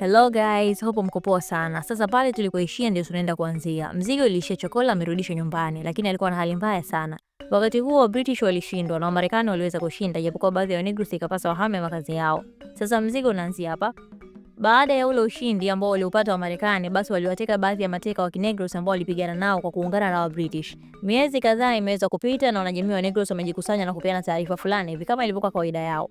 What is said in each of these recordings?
Hello guys, hope mko poa sana. Sasa pale tulikoishia ndio tunaenda kuanzia. Mzigo ilishia Chokola amerudishwa nyumbani, lakini alikuwa na hali mbaya sana. Wakati huo British walishindwa na Wamarekani waliweza kushinda, japokuwa baadhi ya Wanegro ikapasa wahame makazi yao. Sasa mzigo unaanzia hapa. Baada ya ule ushindi ambao waliupata wa Marekani, basi waliwateka baadhi ya mateka wa Kinegros ambao walipigana nao kwa kuungana na wa British. Miezi kadhaa imeweza kupita na wanajamii wa Negros wamejikusanya na kupeana taarifa fulani hivi kama ilivyokuwa kawaida yao.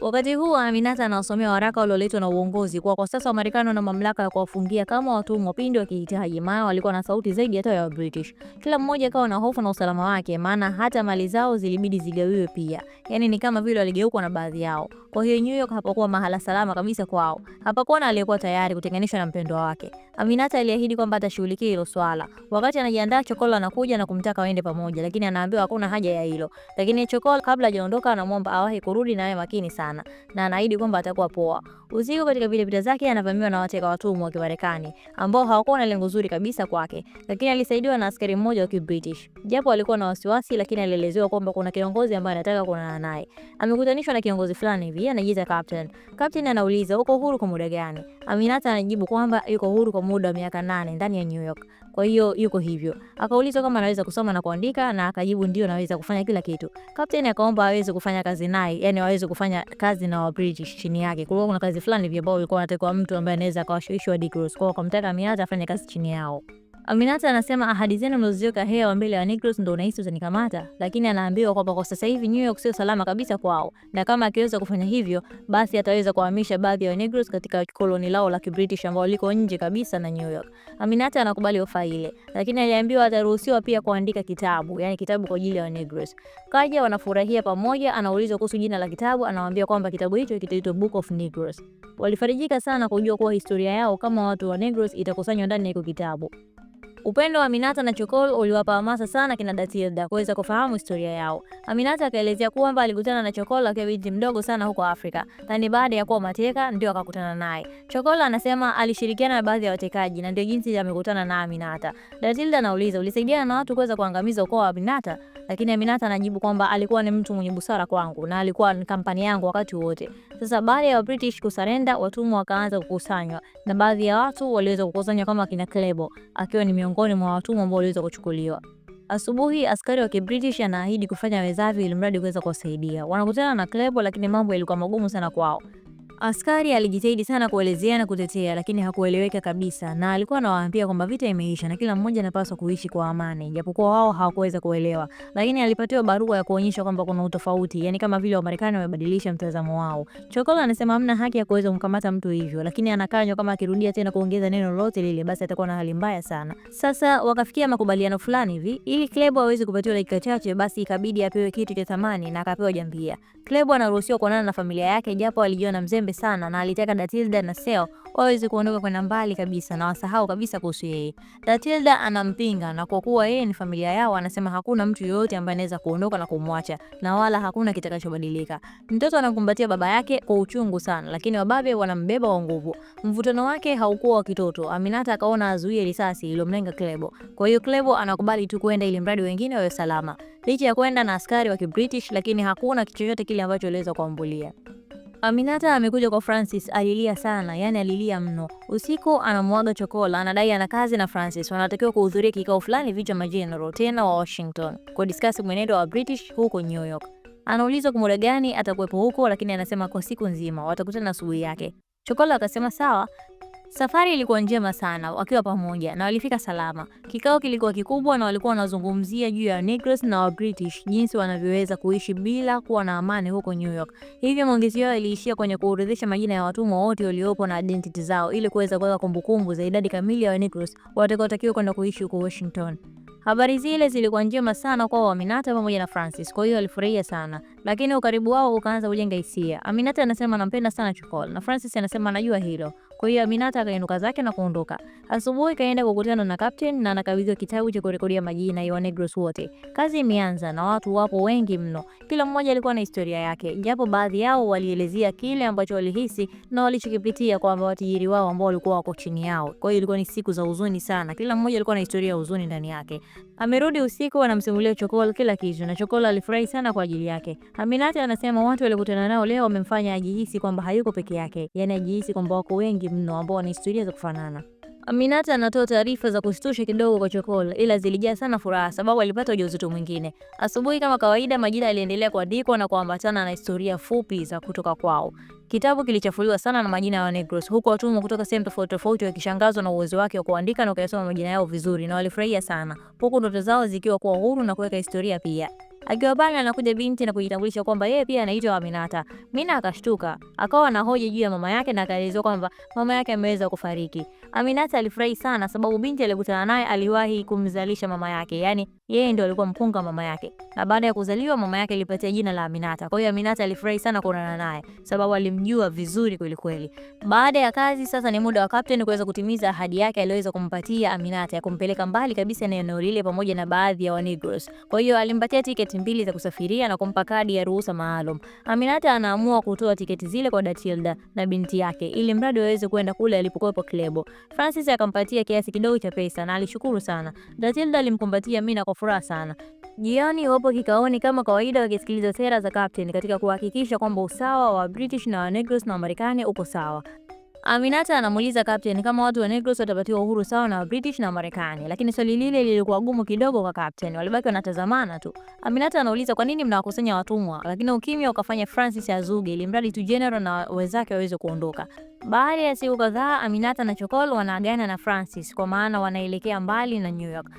Wakati huu Aminata anawasomea waraka ulioletwa na uongozi kwa kwa sasa Wamarekani wana mamlaka ya kuwafungia kama watumwa pindi wakihitaji, maana walikuwa na sauti zaidi hata ya British. Kila mmoja akawa na hofu na usalama wake, maana hata mali zao zilibidi zigawiwe pia. Yaani ni kama vile waligeukwa na baadhi yao. Kwa hiyo New York hapakuwa mahala salama kabisa kwao. Hapa Okona aliyekuwa tayari kutenganishwa na mpendwa wake. Aminata aliahidi kwamba atashughulikia hilo swala. Wakati anajiandaa, Chokola anakuja na kumtaka waende pamoja, lakini anaambiwa hakuna haja ya hilo. Lakini Chokola kabla hajaondoka anamwomba awahi kurudi naye makini sana na anaahidi kwamba atakuwa poa. Usiku katika vilevita zake anavamiwa na wateka watumwa wa Kimarekani ambao hawakuwa na lengo zuri kabisa kwake, lakini alisaidiwa na askari mmoja wa Kibritish. Japo alikuwa na wasiwasi, lakini alielezewa kwamba kuna kiongozi ambaye anataka kuonana naye. Amekutanishwa na kiongozi fulani hivi anajiita Captain. Captain anauliza uko huru kwa muda gani? gani? Aminata anajibu kwamba yuko huru kwa muda wa miaka nane ndani ya New York. Kwa hiyo yuko hivyo. Akaulizwa kama anaweza kusoma na kuandika na akajibu ndio naweza kufanya kila kitu. Captain akaomba aweze kufanya kazi naye, yani aweze kufanya kazi na British chini yake. Kulikuwa kuna kazi fulani hivi ambao walikuwa mtu ambaye anaweza akawashawishwa Negroes. Kwa hiyo akamtaka Aminata afanye kazi chini yao. Aminata anasema ahadi zenu mlizoziweka hewa mbele ya Negroes ndio unahisi utanikamata, lakini anaambiwa kwamba kwa sasa hivi New York sio salama kabisa kwao, na kama akiweza kufanya hivyo, basi ataweza kuhamisha baadhi ya Negroes katika koloni lao la Kibritish ambao liko nje kabisa na New York. Aminata anakubali ofa ile, lakini aliambiwa ataruhusiwa pia kuandika kitabu, yani kitabu kwa ajili ya Negroes. Kaja wanafurahia pamoja, anaulizwa kuhusu jina la kitabu, anawaambia kwamba kitabu hicho kitaitwa Book of Negroes. Walifarijika sana kujua kuwa historia yao kama watu wa Negroes itakusanywa ndani ya kitabu. Upendo wa Aminata na Chokol uliwapa hamasa sana kina Datilda kuweza kufahamu historia yao. Aminata akaelezea kwamba alikutana na Chokol akiwa binti mdogo sana huko Afrika, na ni baada ya kuwa mateka ndio akakutana naye. Chokol anasema alishirikiana na baadhi ya watekaji na ndio jinsi amekutana na Aminata. Datilda anauliza, ulisaidiana na watu kuweza kuangamiza ukoo wa Aminata? Lakini Aminata anajibu kwamba alikuwa ni mtu mwenye busara kwangu na alikuwa ni kampani yangu wakati wote. Sasa baada ya British kusarenda, watumwa wakaanza kukusanywa na baadhi ya watu waliweza kukusanywa kama kina Klebo akiwa ni miongoni mwa watumwa ambao waliweza kuchukuliwa. Asubuhi askari wa Kibritish anaahidi kufanya wezavyo ili mradi kuweza kuwasaidia. Wanakutana na Klebo, lakini mambo yalikuwa magumu sana kwao. Askari alijitahidi sana kuelezea na kutetea, lakini hakueleweka kabisa, na alikuwa anawaambia kwamba vita imeisha na kila mmoja anapaswa kuishi kwa amani, japokuwa wao hawakuweza kuelewa. Lakini alipatiwa barua ya kuonyesha kwamba kuna utofauti, yani kama vile Wamarekani wamebadilisha mtazamo wao. Chokola anasema hamna haki ya kuweza kumkamata mtu hivyo, lakini anakanywa kama akirudia tena kuongeza neno lolote lile, basi atakuwa na hali mbaya sana. Sasa wakafikia makubaliano fulani hivi, ili Klebo aweze kupatiwa dakika chache, basi ikabidi apewe kitu cha thamani na akapewa jambia. Klebo anaruhusiwa kuonana na familia yake, japo alijiona mzembe pombe sana na alitaka Datilda na Seo waweze kuondoka kwenda mbali kabisa na wasahau kabisa kuhusu yeye. Datilda anampinga na kwa kuwa yeye ni familia yao, anasema hakuna mtu yoyote ambaye anaweza kuondoka na kumwacha na wala hakuna kitakachobadilika. Mtoto anakumbatia baba yake kwa uchungu sana, lakini wababe wanambeba kwa nguvu. Mvutano wake haukuwa wa kitoto. Aminata akaona azuie risasi iliyomlenga Klebo. Kwa hiyo Klebo anakubali tu kwenda ili mradi wengine wawe salama. Licha ya kwenda na askari wa Kibritish, lakini hakuna chochote kile ambacho aliweza kuambulia. Aminata amekuja kwa Francis, alilia sana, yani alilia mno. Usiku anamwaga chokola, anadai ana kazi na Francis, wanatakiwa kuhudhuria kikao fulani vicha majenerali tena wa Washington kwa discuss mwenendo wa British huko New York. Anaulizwa kwa muda gani atakuwepo huko, lakini anasema kwa siku nzima, watakutana asubuhi yake. Chokola akasema sawa, Safari ilikuwa njema sana wakiwa pamoja na walifika salama. Kikao kilikuwa kikubwa na walikuwa wanazungumzia juu ya Negroes na wa British jinsi wanavyoweza kuishi bila kuwa na amani huko New York. Hivyo maongezi yao iliishia kwenye kuorodhesha majina ya watumwa wote waliopo na identity zao ili kuweza kuweka kumbukumbu za idadi kamili ya wa Negroes watakaotakiwa kwenda kuishi huko Washington. Habari zile zilikuwa njema sana kwa Aminata pamoja na Francis, kwa hiyo alifurahia sana, lakini ukaribu wao ukaanza kujenga hisia. Aminata anasema anampenda sana Chukol na Francis anasema anajua hilo. Kwa hiyo Aminata akainuka zake na kuondoka. Asubuhi kaenda kukutana na captain na anakabidhiwa kitabu cha kurekodia majina ya Wanegros wote. Kazi imeanza na watu wapo wengi mno. Kila mmoja alikuwa na historia yake, japo baadhi yao walielezea kile ambacho walihisi na walichokipitia kwa watajiri wao ambao walikuwa wako chini yao. Kwa hiyo ilikuwa ni siku za huzuni sana. Kila mmoja alikuwa na historia ya huzuni ndani yake. Amerudi usiku, anamsimulia Chokola kila kitu na Chokola alifurahi sana kwa ajili yake. Aminata anasema watu waliokutana nao leo wamemfanya ajihisi kwamba hayuko peke yake. Yaani ajihisi kwamba wako wengi mno ambao wana historia za kufanana. Aminata anatoa taarifa za kushtusha kidogo kwa Chokola, ila zilijaa sana furaha sababu alipata ujauzito mwingine. Asubuhi kama kawaida, majina yaliendelea kuandikwa na kuambatana na historia fupi za kutoka kwao. Kitabu kilichafuliwa sana na majina ya Negros, huku watumwa kutoka sehemu tofauti tofauti wakishangazwa na uwezo wake wa kuandika na kuyasoma majina yao vizuri, na walifurahia sana, huku ndoto zao zikiwa kuwa huru na kuweka historia pia. Akiwa pale anakuja binti na kujitambulisha kwamba yeye pia anaitwa Aminata. Mina akashtuka, akawa anahoji juu ya mama yake na akaelezwa kwamba mama yake ameweza kufariki. Aminata alifurahi sana sababu binti aliyekutana naye aliwahi kumzalisha mama yake. Yaani yeye ndio alikuwa mkunga mama yake. Na baada ya kuzaliwa mama yake alipatia jina la Aminata. Kwa hiyo Aminata alifurahi sana kuonana naye sababu alimjua vizuri kweli kweli. Baada ya kazi sasa ni muda wa Captain kuweza kutimiza ahadi yake aliyoweza kumpatia Aminata ya kumpeleka mbali kabisa na eneo lile pamoja na baadhi ya wa Negroes. Kwa hiyo alimpatia tiketi tiketi mbili za kusafiria na kumpa kadi ya ruhusa maalum. Aminata anaamua kutoa tiketi zile kwa Datilda na binti yake ili mradi waweze kwenda kule alipokuwepo Klebo. Francis akampatia kiasi kidogo cha pesa na alishukuru sana. Datilda alimkumbatia Mina kwa furaha sana. Jioni wapo kikaoni kama kawaida, wakisikiliza sera za Captain katika kuhakikisha kwamba usawa wa British na Wanegros na Wamarekani uko sawa. Aminata anamuuliza Captain kama watu wa Negros watapatiwa uhuru sawa na British na Marekani, lakini swali lile lilikuwa gumu kidogo kwa Captain. Walibaki wanatazamana tu. Aminata anauliza kwa nini mnawakusanya watumwa, lakini ukimya ukafanya Francis azuge ili mradi tu General na wenzake waweze kuondoka. Baada ya siku kadhaa, Aminata na Chokol wanaagana na Francis kwa maana wanaelekea mbali na New York.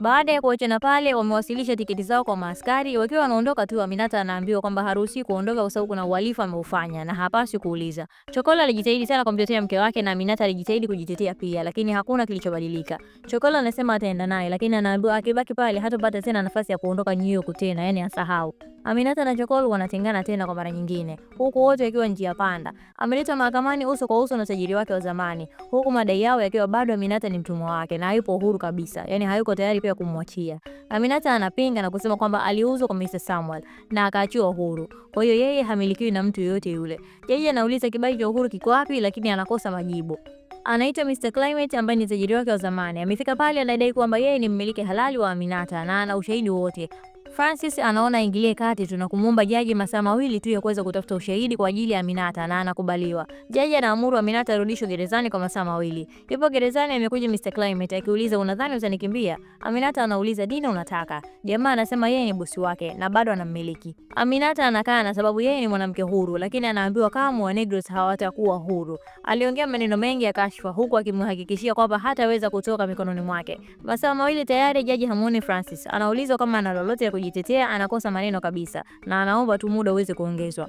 Baada ya kuachana pale, wamewasilisha tiketi zao kwa maaskari. Wakiwa wanaondoka tu, Aminata anaambiwa kwamba haruhusi kuondoka kwa sababu kuna uhalifu ameufanya na hapaswi kuuliza. Chokola alijitahidi sana kumtetea mke wake na Aminata alijitahidi kujitetea pia, lakini hakuna kilichobadilika. Chokola anasema ataenda naye, lakini anaambiwa akibaki pale hatapata tena nafasi ya kuondoka New York tena, yani asahau. Aminata na Chokolu wanatengana tena kwa mara nyingine, huku wote wakiwa njia panda. Ameletwa mahakamani uso kwa uso na tajiri wake wa zamani, huku madai yao yakiwa bado Aminata ni mtumwa wake na hayupo uhuru kabisa, yani hayuko tayari pia kumwachia. Aminata anapinga na kusema kwamba aliuzwa kwa Mr. Samuel na akaachiwa uhuru, kwa hiyo yeye hamilikiwi na mtu yoyote yule. Jaji anauliza kibali cha uhuru kiko wapi, lakini anakosa majibu. Anaitwa Mr. Climate ambaye ni tajiri wake wa zamani. Amefika pale, anadai kwamba yeye ni mmiliki halali wa Aminata na ana ushahidi wote, Francis anaona ingilie kati, tunakumuomba jaji masaa mawili tu ya kuweza kutafuta ushahidi kwa ajili ya Aminata na anakubaliwa. Jaji anaamuru Aminata arudishwe gerezani kwa masaa mawili. Ndipo gerezani amekuja Mr. Climate akiuliza, unadhani utanikimbia? Aminata anauliza, dini unataka? Jamaa anasema yeye ni bosi wake na bado anammiliki. Aminata anakaa na sababu yeye ni mwanamke huru, lakini anaambiwa kama wa Negroes hawatakuwa huru. Aliongea maneno mengi ya kashfa huku akimhakikishia kwamba hataweza kutoka mikononi mwake. Masaa mawili tayari, jaji hamuoni Francis. Anaulizwa kama ana lolote ya kujitetea, anakosa maneno kabisa na anaomba tu muda uweze kuongezwa.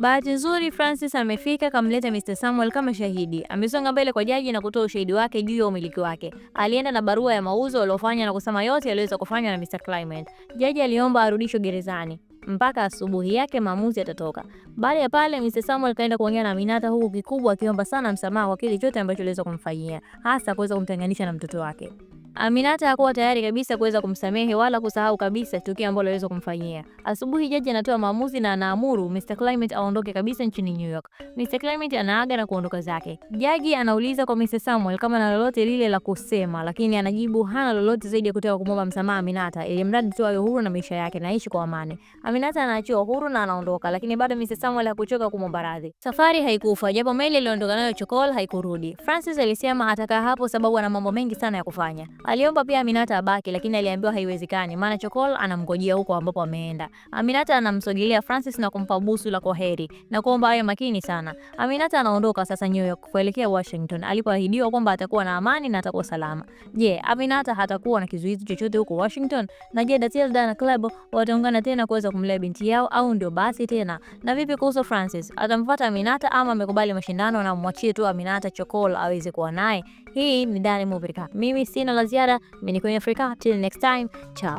Bahati nzuri Francis amefika kamleta Mr. Samuel kama shahidi. Amesonga mbele kwa jaji na kutoa ushahidi wake juu ya umiliki wake. Alienda na barua ya mauzo aliyofanya na kusema yote yaliweza kufanya na Mr. Clement. Jaji aliomba arudishwe gerezani mpaka asubuhi yake maamuzi yatatoka. Baada ya pale Mr. Samuel kaenda kuongea na Aminata huku kikubwa akiomba sana msamaha kwa kile chote ambacho aliweza kumfanyia, hasa kuweza kumtenganisha na mtoto wake. Aminata hakuwa tayari kabisa kuweza kumsamehe wala kusahau kabisa tukio ambalo aliweza kumfanyia. Asubuhi jaji anatoa maamuzi na anaamuru Mr. Clement aondoke kabisa nchini New York. Mr. Clement anaaga na kuondoka zake. Jaji anauliza kwa Mr. Samuel kama na lolote lile la kusema, lakini anajibu hana lolote zaidi ya kutaka kumwomba msamaha Aminata ili mradi tu awe huru na maisha yake na aishi kwa amani. Aminata anaachiwa huru na anaondoka, lakini bado Mr. Samuel hakuchoka kumwomba radhi. Safari haikufa japo meli iliondoka nayo Chokol haikurudi. Francis alisema atakaa hapo sababu ana mambo mengi sana ya kufanya. Aliomba pia Aminata abaki, lakini aliambiwa haiwezekani, maana Chokol anamngojea huko ambapo ameenda. Aminata anamsogelea Francis na kumpa busu la kwaheri na kuomba awe makini sana. Aminata anaondoka sasa New York kuelekea Washington alipoahidiwa kwamba atakuwa na amani na atakuwa salama. Je, Aminata hatakuwa na kizuizi chochote huko Washington? Na je, Datilda na Club wataungana tena kuweza kumlea binti yao au ndio basi tena? Na vipi kuhusu Francis? Atamfuata Aminata ama amekubali mashindano na amwachie tu Aminata Chokol aweze kuwa naye? Hii ni Dani Movie Recap. Mimi sina lazima ziada. Mimi ni Africa, till next time, ciao.